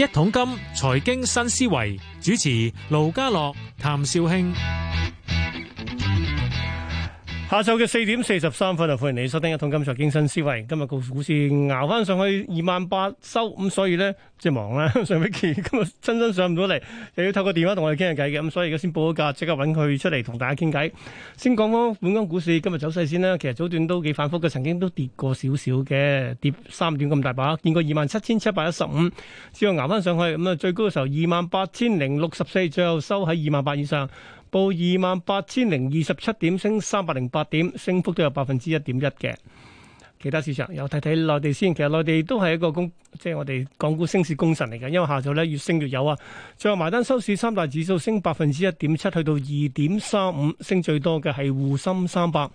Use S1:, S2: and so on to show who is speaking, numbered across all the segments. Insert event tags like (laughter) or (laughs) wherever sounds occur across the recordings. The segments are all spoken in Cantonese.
S1: 一桶金財經新思維主持，盧家樂、譚紹興。下晝嘅四點四十三分就歡迎你收聽一桶金財經新思維。今日個股市熬翻上去二萬八收，咁所以咧即係忙啦，上星期今日真真上唔到嚟，又要透過電話同我哋傾下偈嘅，咁所以而家先報個價，即刻揾佢出嚟同大家傾偈。先講講本港股市，今日走勢先啦。其實早段都幾反覆嘅，曾經都跌過少少嘅，跌三點咁大把，見過二萬七千七百一十五，之後熬翻上去，咁啊最高嘅時候二萬八千零六十四，最後收喺二萬八以上。報二萬八千零二十七點，升三百零八點，升幅都有百分之一點一嘅。其他市場又睇睇內地先，其實內地都係一個功，即係我哋港股升市功臣嚟嘅，因為下晝咧越升越有啊。最後埋單收市，三大指數升百分之一點七，去到二點三五，升最多嘅係滬深三百。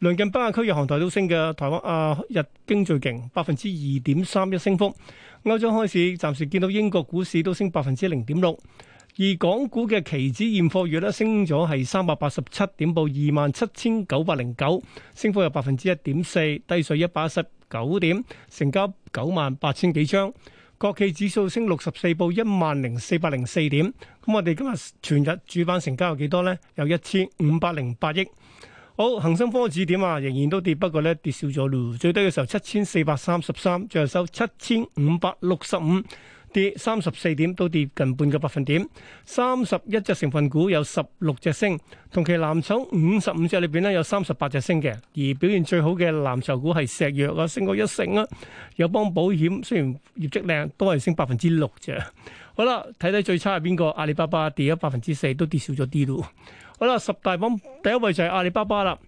S1: 鄰近北亞區，日韓台都升嘅，台灣啊，日經最勁，百分之二點三一升幅。歐洲開始暫時見到英國股市都升百分之零點六。而港股嘅期指現貨月咧升咗係三百八十七點報二萬七千九百零九，升幅有百分之一點四，低水一百一十九點，成交九萬八千幾張。國企指數升六十四點報一萬零四百零四點。咁我哋今日全日主板成交有幾多呢？有一千五百零八億。好，恒生科指點啊，仍然都跌，不過咧跌少咗咯。最低嘅時候七千四百三十三，最後收七千五百六十五。跌三十四點，都跌近半個百分點。三十一隻成分股有十六隻升，同期藍籌五十五隻裏邊咧有三十八隻升嘅。而表現最好嘅藍籌股係石藥啊，升過一成啊。友邦保險雖然業績靚，都係升百分之六咋。好啦，睇睇最差係邊個？阿里巴巴跌咗百分之四，都跌少咗啲咯。好啦，十大榜第一位就係阿里巴巴啦。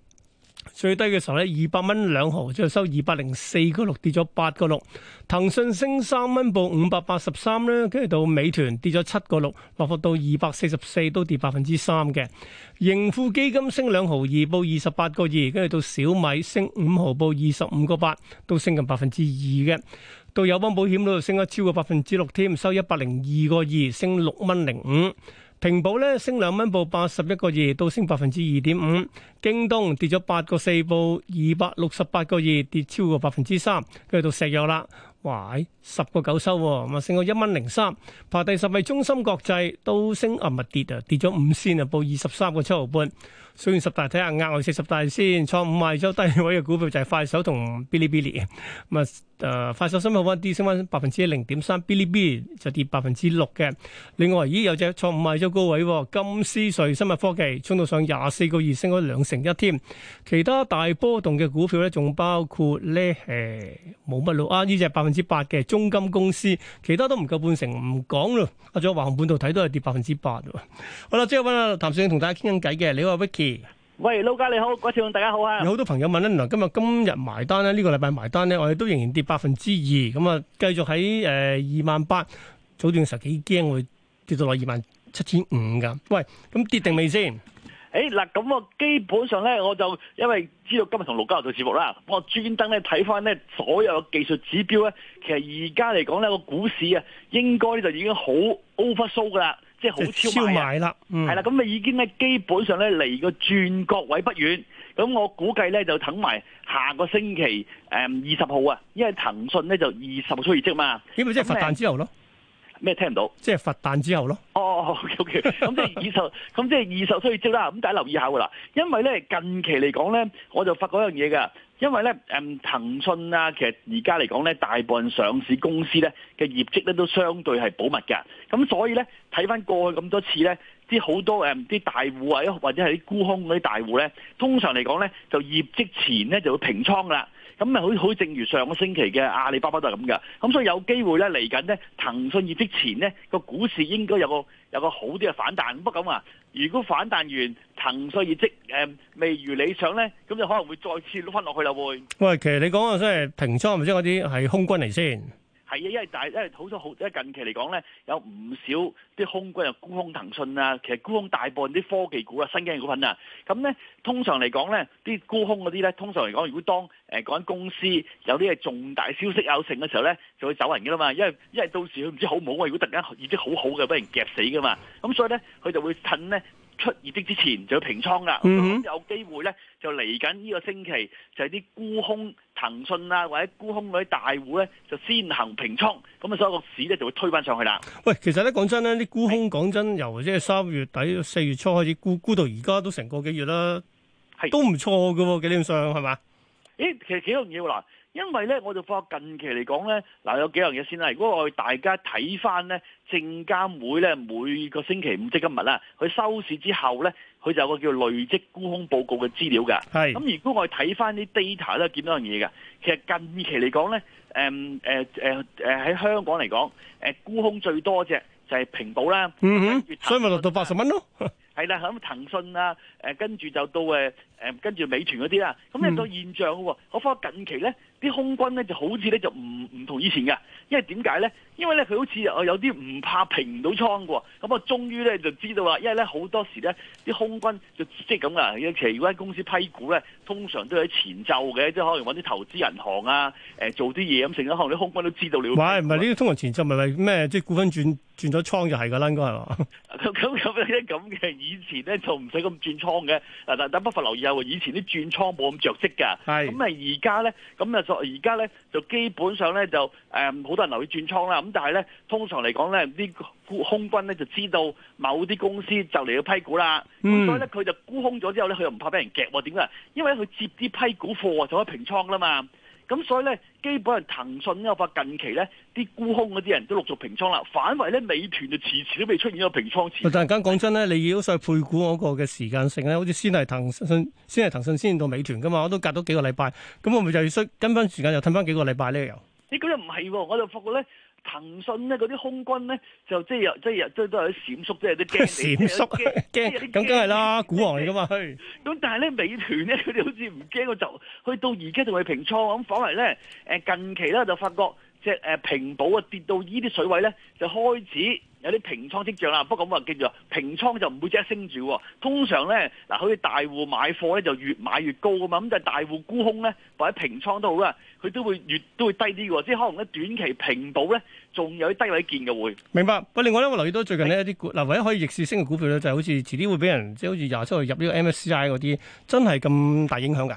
S1: 最低嘅時候咧，二百蚊兩毫，再收二百零四個六，跌咗八個六。騰訊升三蚊，報五百八十三咧，跟住到美團跌咗七個六，落幅到二百四十四，都跌百分之三嘅。盈富基金升兩毫二，報二十八個二，跟住到小米升五毫，報二十五個八，都升近百分之二嘅。到友邦保險嗰度升咗超過百分之六添，收一百零二個二，升六蚊零五。平保咧升兩蚊，報八十一個二，到升百分之二點五。京東跌咗八個四，報二百六十八個二，跌超過百分之三。跟住到石油啦，喂，十個九收，咪升到一蚊零三。排第十位，中芯國際，都升啊，咪跌啊，跌咗五仙啊，報二十三個七毫半。上完十大睇下額外四十大先，創五萬周低位嘅股票就係快手同 Bilibili、呃。咁啊，誒，快手今日開翻跌升翻百分之零點三，Bilibili 就跌百分之六嘅。另外，咦有一隻創五萬咗高位金絲瑞生物科技衝到上廿四個月，升咗兩成一添。其他大波動嘅股票咧，仲包括咧誒，冇乜路啊！呢隻百分之八嘅中金公司，其他都唔夠半成，唔講咯。啊，仲有橫盤度睇都係跌百分之八喎。好啦，即刻揾阿譚少同大家傾緊偈嘅，你話 Vicky？喂，老家你好，郭少棟大家好啊！有好多朋友問咧，原來今日今日埋單咧，呢、這個禮拜埋單咧，我哋都仍然跌百分之二，咁啊，繼續喺誒二萬八，28, 000, 早段時候幾驚會跌到落二萬七千五噶。喂，
S2: 咁跌定未先？誒、欸，嗱，咁我基本上咧，我就因為知道今日同陸教授做節目啦，我專登咧睇翻呢所有嘅技術指標咧，其實而家嚟講呢，個股市啊，應該就已經好 oversold 噶啦。即係好超賣啦，係啦，咁、嗯、咪已經咧基本上咧離個轉角位不遠，咁我估計咧就等埋下個星期誒二十號啊，因為騰訊咧就二十號出業績嘛。咁咪即係佛誕之後咯？咩聽唔
S1: 到？即係佛誕之後咯？
S2: 哦、oh，OK，咁即係二十，咁即係二十出業績啦。咁大家留意下㗎啦，因為咧近期嚟講咧，我就發覺一樣嘢㗎。因為咧，誒騰訊啊，其實而家嚟講咧，大部分上市公司咧嘅業績咧都相對係保密嘅，咁所以咧睇返過去咁多次咧，啲好多誒啲、嗯、大戶啊，或者係啲沽空嗰啲大戶咧，通常嚟講咧就業績前咧就會平倉啦。咁咪好好正如上個星期嘅阿里巴巴都係咁嘅，咁所以有機會咧嚟緊咧騰訊業績前咧個股市應該有個有個好啲嘅反彈，不過咁啊，如果反彈完騰訊業績、嗯、未如理想咧，咁就可能會再次碌翻落去啦會。
S1: 喂，其實你講嘅即係平倉，唔知嗰啲係空軍嚟先。
S2: 係啊，因為但係因為好咗好，即係近期嚟講咧，有唔少啲空軍啊，沽空騰訊啊，其實沽空大部分啲科技股啊、新經濟股份啊，咁咧通常嚟講咧，啲沽空嗰啲咧，通常嚟講，如果當誒嗰、呃、公司有啲係重大消息有成嘅時候咧，就會走人㗎啦嘛，因為因為到時佢唔知好唔好啊，如果突然間業績好好嘅，俾人夾死噶嘛，咁所以咧佢就會趁咧。出業績之前就要平倉啦，嗯、哼有機會咧就嚟緊呢個星期就係啲沽空騰訊啊或者沽空嗰啲大戶咧就先行平倉，咁啊所以個市咧就會推返上去啦。
S1: 喂，其實咧講真咧啲沽空講真由即係三月底四月初開始沽沽到而家都成個幾月啦，都唔錯嘅喎，幾點上係嘛？
S2: 誒其實幾樣嘢嗱，因為咧，我就發近期嚟講咧，嗱有幾樣嘢先啦。如果我哋大家睇翻咧，證監會咧每個星期五即今日啦，佢收市之後咧，佢就有個叫累積沽空報告嘅資料㗎。係是。咁如果我哋睇翻啲 data 咧，見到樣嘢㗎，其實近期嚟講咧，誒誒誒誒，喺香港嚟講，誒沽空最多隻就係平保啦。嗯
S1: 哼、mm。所以咪落到八十蚊咯。 (laughs)
S2: 係啦，咁騰訊啊，誒，跟住就到誒，誒，跟住美團嗰啲啦，咁呢個現象喎。我發覺、嗯、近期咧，啲空軍咧就好似咧就唔唔同以前嘅，因為點解咧？因為咧佢好似有啲唔怕平唔到倉嘅，咁啊，終於咧就知道啦。因為咧好多時咧啲空軍就即係咁啊，尤其嗰間公司批股咧，通常都係前奏嘅，即係可能揾啲投資銀行啊，誒，做啲嘢咁成日可能啲空軍都知道了。
S1: 喂，唔係，呢啲通常前奏咪為咩即係股份轉？轉咗倉就係噶啦，應該係
S2: 嘛？咁咁咁樣啲咁嘅，以前咧就唔使咁轉倉嘅。啊，但但不妨留意下，以前啲轉倉冇咁着色噶。係是。咁啊，而家咧，咁啊，而家咧就基本上咧就誒，好、嗯、多人留意轉倉啦。咁但係咧，通常嚟講咧，啲空軍咧就知道某啲公司就嚟要批股啦。咁、嗯、所以咧，佢就沽空咗之後咧，佢又唔怕俾人夾。點解？因為佢接啲批股貨就可以平倉啦嘛。咁所以咧，基本上騰訊，我發近期咧，啲沽空嗰啲人都陸續平倉啦，反為咧，美團就遲遲都未出現咗個平倉前。
S1: 突然間講真咧，你要喺配股嗰個嘅時間性咧，好似先係騰訊，先係騰訊先到美團噶嘛，我都隔咗幾個禮拜，咁我咪就要需跟翻時間又褪翻幾個禮拜咧又。
S2: 你咁又唔係喎，我就發覺咧。騰訊咧嗰啲空軍咧就即係又即係又即係都係啲閃縮，即係啲驚，閃縮驚，咁梗係啦，股王嚟噶嘛？咁但係咧美團咧佢哋好似唔驚，我就去到而家仲係平倉，咁反而咧誒近期咧就發覺即係誒平保啊跌到依啲水位咧就開始。有啲平倉跡象啦，不過咁啊，記住，平倉就唔會即刻升住。通常咧，嗱，好似大戶買貨咧，就越買越高噶嘛。咁就係大戶沽空咧，或者平倉都好啊，佢都會越都會低啲喎。即係可能咧短期平到咧，仲有啲低位見嘅會。
S1: 明白。喂，另外咧，我留意到最近呢一啲股，嗱是，唯一可以逆市升嘅股票咧，就係、好似遲啲會俾人即係、就係、好似廿七號入呢個 MSCI 嗰啲，真係咁大影響噶？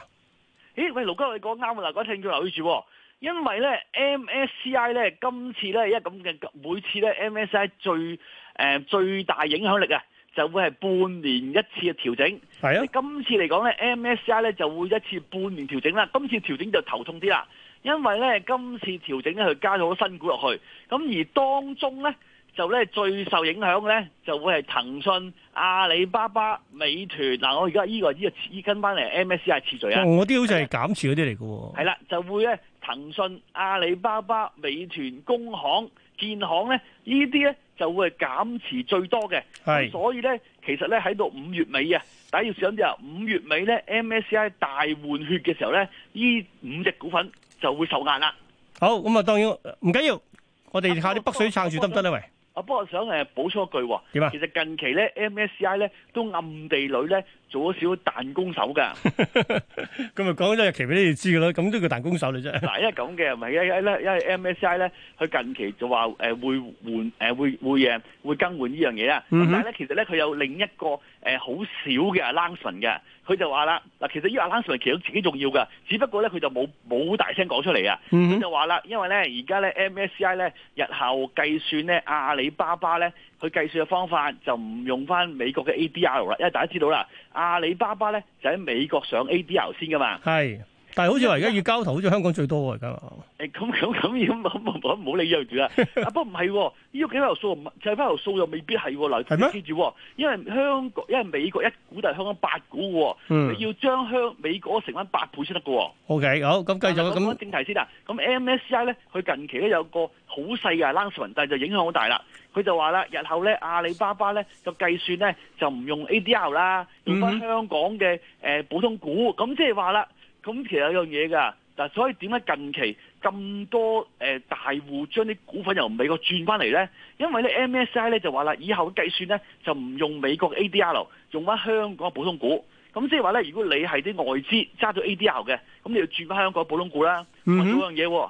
S2: 咦，喂，盧哥，你講啱啦，嗰啲聽住留意住。因為咧，M S C I 咧，今次咧，因為咁嘅每次咧，M S I 最、呃、最大影響力啊，就會係半年一次嘅調整係啊。今次嚟講咧，M S C I 咧就會一次半年調整啦。今次調整就頭痛啲啦，因為咧今次調整咧，佢加咗好多新股落去，咁而當中咧就咧最受影響嘅咧，就會係騰訊、阿里巴巴、美團嗱、啊。我而家依個依、這個依跟翻嚟 M S C I 次序啊，我
S1: 啲好似係減少嗰啲嚟嘅喎，係啦、啊
S2: 啊，就會咧。.騰訊、阿里巴巴、美團、工行、建行咧，呢啲咧就會係減持最多嘅。是所以咧，其實咧喺到五月尾啊，大家要小心啲啊！五月尾咧，MSCI 大換血嘅時候咧，呢五隻股份就會受壓啦。
S1: 好，咁啊，當然唔緊要，我哋下啲北水撐住得唔得咧？喂，
S2: 啊，不過，不我不過想誒補充一句喎，點啊？其實近期咧，MSCI 咧都暗地裏咧。做咗少彈弓手噶，
S1: 咁咪講咗日期俾你哋知嘅咯，咁都叫
S2: 彈弓手嚟啫。嗱，因為咁嘅，唔係一咧，因為 MSCI 咧，佢近期就話誒、呃、會換誒、呃、會會誒、呃、會更換呢樣嘢啦。但係咧，其實咧佢有另一個誒好少嘅 announcement 嘅，佢、呃、就話啦嗱，其實呢阿 announcement 其實自己重要嘅，只不過咧佢就冇冇大聲講出嚟啊。咁就話啦，因為咧而家咧 MSCI 咧日後計算咧阿里巴巴咧。佢計算嘅方法就唔用翻美國嘅 ADR 啦，因為大家知道啦，阿里巴巴咧就喺美國上 ADR 先噶嘛。
S1: 係。但係好似話而家要交投，好似香港最多喎而
S2: 家。誒咁咁咁咁咁冇理由住啊！啊不唔係，呢個幾百條數，就係幾百條數又未必係喎嚟。係咩、喔？記住嗎，因為香港，因為美國一股就係香港八股嘅、喔，你、嗯、要將香美國成翻八倍先得嘅。
S1: O、okay, K，好，咁繼
S2: 續講翻正題先啦。咁、嗯、M S C I 咧，佢近期咧有個好細嘅 launch，但係就影響好大啦。佢就話啦，日後咧阿里巴巴咧，就計算咧就唔用 A D R 啦，用翻香港嘅誒、呃、普通股。咁即係話啦。咁其實有樣嘢㗎，嗱，所以點解近期咁多誒大戶將啲股份由美國轉翻嚟咧？因為咧 MSCI 咧就話啦，以後計算咧就唔用美國 ADR，用翻香港嘅普通股。咁即係話咧，如果你係啲外資揸咗 ADR 嘅，咁你要轉翻香港嘅普通股啦。嗯到樣嘢喎。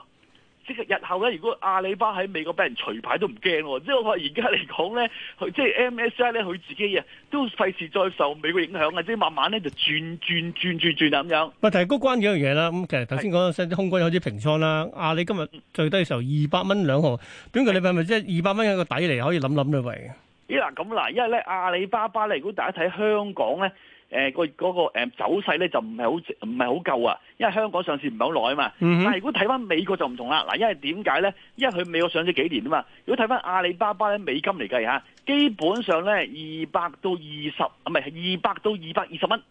S2: 即係日後咧，如果阿里巴巴喺美國俾人除牌都唔驚咯，即係我睇而家嚟講咧，佢即係 MSI 咧，佢自己啊都費事再受美國影響啊，即係慢慢咧就轉轉轉轉轉咁樣。
S1: 唔係，係高關嘅一樣嘢啦。咁其實頭先講啲空軍有啲平倉啦，阿里今日最低嘅時候二百蚊兩毫，短期、嗯、你講係咪即係二百蚊一個底嚟可以諗諗咧？喂，
S2: 咦嗱咁嗱，因為咧阿里巴巴咧，如果大家睇香港咧。誒、那個嗰、那個走勢咧就唔係好唔係好夠啊，因為香港上市唔係好耐啊嘛。但係如果睇翻美國就唔同啦，嗱，因為點解咧？因為佢美國上市幾年啊嘛。如果睇翻阿里巴巴咧，美金嚟計吓，基本上咧二百到二十啊，唔係二百到二百二十蚊，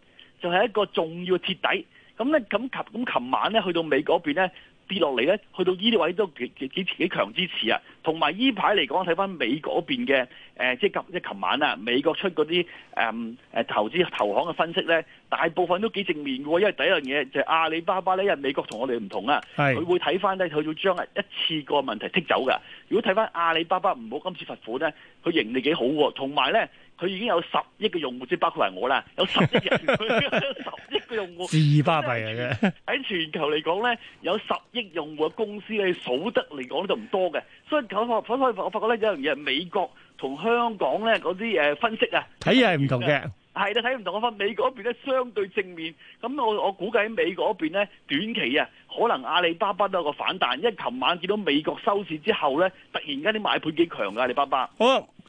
S2: 就係一個重要嘅鐵底。咁咧，咁及咁，琴晚咧去到美國嗰邊咧。跌落嚟咧，去到呢啲位都幾幾幾強支持啊！同埋依排嚟講，睇翻美國嗰邊嘅誒、呃，即係今即係琴晚啊，美國出嗰啲誒誒投資投行嘅分析咧，大部分都幾正面嘅，因為第一樣嘢就係、阿里巴巴咧，因為美國同我哋唔同啊，佢是會睇翻咧，佢要將一次個問題剔走㗎。如果睇翻阿里巴巴唔好今次罰款咧，佢盈利幾好，同埋咧。佢已經有十億嘅用戶，即係包括埋我啦，有十億人， (laughs) 十億個用戶，至巴閉嘅喺全球嚟講咧，有十億用戶嘅公司咧，數得嚟講咧就唔多嘅，所以我發所以我發覺咧有一樣嘢，美國同香港咧嗰啲誒分析啊，
S1: 睇嘢係唔同嘅，
S2: 係啦，睇唔同。我發美國嗰邊咧相對正面，咁我我估計喺美國嗰邊咧短期啊，可能阿里巴巴都有個反彈，因為琴晚見到美國收市之後咧，突然間啲買盤幾強嘅阿里巴巴。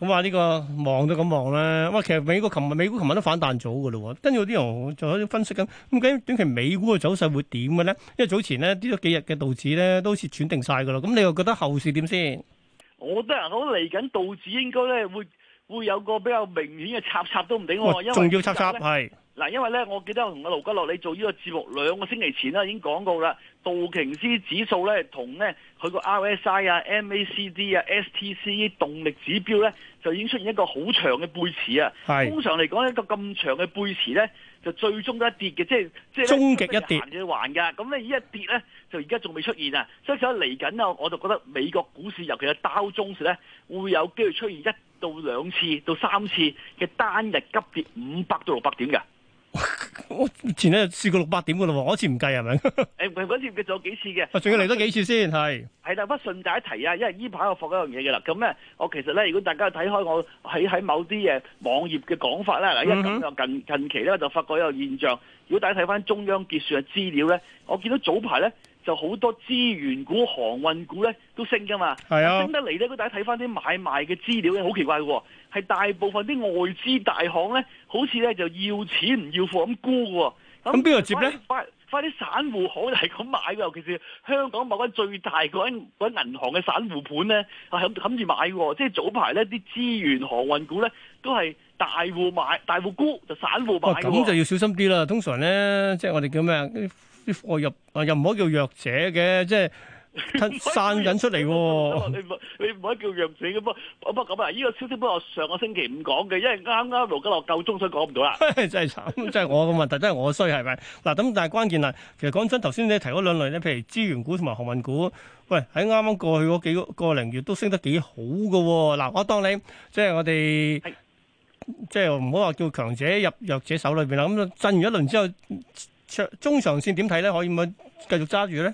S1: 咁話呢個望都咁望咧，哇！其實美國琴日美股琴日都反彈咗噶啦跟住有啲人仲喺度分析緊，咁究竟短期美股嘅走勢會點嘅咧？因為早前咧呢幾日嘅道指咧都好似轉定晒噶啦咁你又覺得後市點先？
S2: 我覺得嚟緊道指應該咧會會，會有個比較明顯嘅插插都唔定，我。仲要插插係。嗱，因為咧，我記得我同阿盧家洛你做呢個節目兩個星期前啦，已經講過啦。道瓊斯指數咧、SI，同咧佢個 RSI 啊、MACD 啊、STC 動力指標咧，就已經出現一個好長嘅背馳啊。是通常嚟講，一個咁長嘅背馳咧，就最終都一跌嘅，即係即係終極一跌要還㗎。咁咧，呢一跌咧，就而家仲未出現啊。所以所嚟緊啊，我就覺得美國股市尤其係刀中時咧，會有機會出現一到兩次到三次嘅單日急跌五百到六百點嘅。
S1: (laughs) 我前日試過六百點嘅咯，我嗰次唔計係咪？
S2: 誒唔、 (laughs) 欸、次唔計，仲有幾次嘅。仲、啊、要嚟多幾
S1: 次先係？
S2: 係但不順，帶一提啊！因為呢排我放一樣嘢嘅啦。咁咧，我其實咧，如果大家睇開我喺喺某啲嘅網頁嘅講法咧，嗱，一咁就近近期咧就發覺一個現象。如果大家睇翻中央結算嘅資料咧，我見到早排咧就好多資源股、航運股咧都升嘅嘛。係的啊，升得嚟咧，如果大家睇翻啲買賣嘅資料咧，好奇怪喎。係大部分啲外資大行咧，好似咧就要錢唔要貨咁沽喎。咁邊個接咧？快快啲散戶可係咁買嘅，尤其是香港某間最大嗰間銀行嘅散戶盤咧，係冚住買嘅。即係早排咧，啲資源航運股咧都係大戶買，大戶沽就散戶買嘅。啊，咁就要小
S1: 心啲啦。通常咧，即係我哋叫咩啊？啲貨入啊，又唔可以叫弱者嘅，即係。出散緊出嚟喎！你唔好你唔好叫弱
S2: 者咁，不不咁啊！呢個消息本來我上個星期五講嘅，因為啱啱盧家樂夠鐘，所以講唔到啦，
S1: 真係慘！即係我個問題真係我衰係咪？嗱，咁但係關鍵啊，其實講真，頭先你提嗰兩類咧，譬如資源股同埋航運股，喂，喺啱啱過去嗰幾個個零月都升得幾好噶。嗱，我當你即係我哋，即係唔好話叫強者入弱者手裏邊啦。咁震完一輪之後，長中長線點睇咧？可以唔可以繼續揸住咧？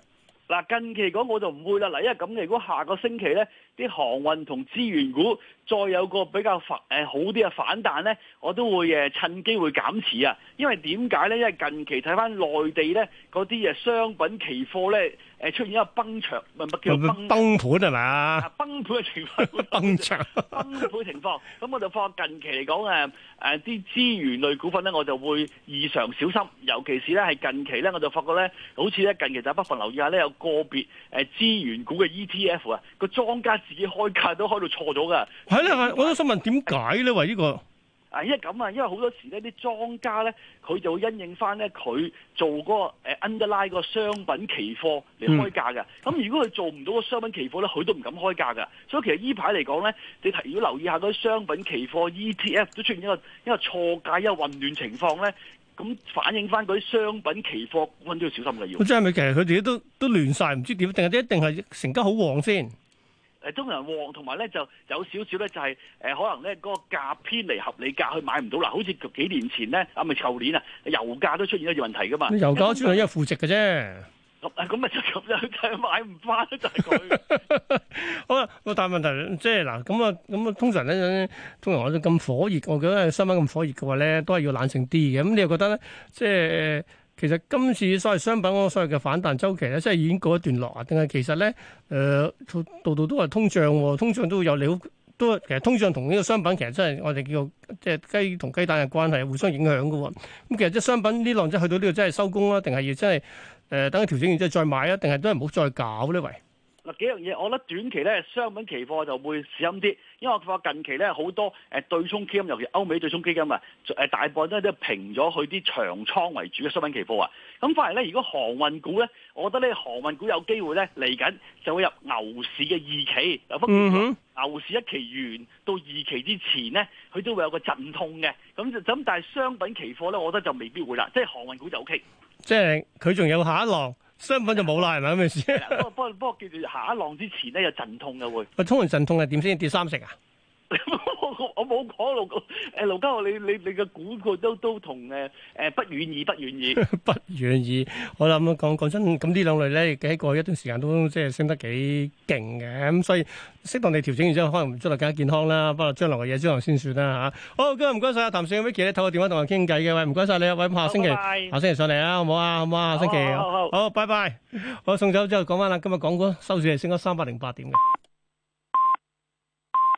S2: 嗱，近期講我就唔會啦。嗱，因為咁嘅，如果下個星期咧。啲航運同資源股再有個比較反誒好啲嘅反彈咧，我都會誒趁機會減持啊！因為點解咧？因為近期睇翻內地咧嗰啲誒商品期貨咧誒出現一個崩場，咪叫崩崩盤係嘛？崩盤嘅情況崩場崩盤情況，咁崩潰 (laughs) 我就放近期嚟講誒誒啲資源類股份咧，我就會異常小心，尤其是咧係近期咧，我就發覺咧，好似咧近期就不妨留意下咧，有個別誒資源股嘅 ETF 啊個莊家。自己開價都開到錯咗噶，係啦係，我都想問點解咧？為呢個啊，因為咁啊，因為好多時呢啲莊家咧佢就會因應翻咧佢做嗰、那個誒、呃、underlying 個商品期貨嚟開價嘅。咁、嗯、如果佢做唔到個商品期貨咧，佢都唔敢開價嘅。所以其實呢排嚟講咧，你睇如果留意一下嗰啲商品期貨 E T F 都出現一個一個錯價，一個混亂情況咧，咁反映翻嗰啲商品期貨我都要小心嘅。要即係咪？
S1: 其實佢自己都都亂晒，唔知點定係一定係成交好旺先？
S2: 誒通常旺，同埋咧就有少少咧就係誒可能咧嗰個價偏離合理價去買唔到啦。好似幾年前咧啊咪舊年啊，油價都出現咗啲問題噶嘛。油價主要係因
S1: 為負值嘅啫。
S2: 咁啊就咁樣就買唔翻，就
S1: 係佢。 (laughs) 好啦，個大問題即係嗱咁啊咁啊，通常咧通常我都咁火熱，我覺得新聞咁火熱嘅話咧，都係要冷靜啲嘅。咁你又覺得咧即係其實今次所謂商品嗰個所謂嘅反彈周期咧，真係已經告一段落啊！定係其實咧，誒度度都話通脹喎，通脹都會有料，都其實通脹同呢個商品其實真係我哋叫做即係雞同雞蛋嘅關係，互相影響嘅喎。咁其實即係商品呢浪，即係去到呢度，真係收工啦，定係要真係誒、呃、等佢調整完之後再買啊？定係都係唔好再搞呢圍？
S2: 嗱幾樣嘢，我覺得短期咧商品期貨就會市陰啲，因為我發近期咧好多誒、呃、對沖基金，尤其歐美對沖基金啊，大部分都係平咗去啲長倉為主嘅商品期貨啊。咁反而咧，如果航運股咧，我覺得呢，航運股有機會咧嚟緊就會入牛市嘅二期，啊嗯、哼牛市一期完到二期之前咧，佢都會有個陣痛嘅。咁就咁，但係商品期貨咧，我覺得就未必會啦，即係航運股就 OK。即
S1: 係佢仲有下一浪。相反就冇啦，係咪咁嘅意思的 (laughs) ？
S2: 不過不過不過，叫做下一浪之前咧，有陣痛嘅會。
S1: 喂，衝完陣痛係點先跌三成
S2: 啊？我冇講盧誒盧嘉浩，你你你嘅股票都都同誒誒不願意
S1: 不願意，不願意。好啦講講真，咁呢兩類咧，亦喺過去一段時間都即係升得幾勁嘅。咁所以適當地調整完之後，可能唔出嚟更加健康啦。不過將來嘅嘢將來先算啦嚇。好，今日唔該曬啊，譚 Sir 啊，Micky，透過電話同我傾偈嘅，喂，唔該曬你啊，喂下星期下星期上嚟啊，好唔好啊？好唔好啊？下星期好好好，拜拜。好，送走之後講翻啦，今日港股收市係升咗三百零八點嘅。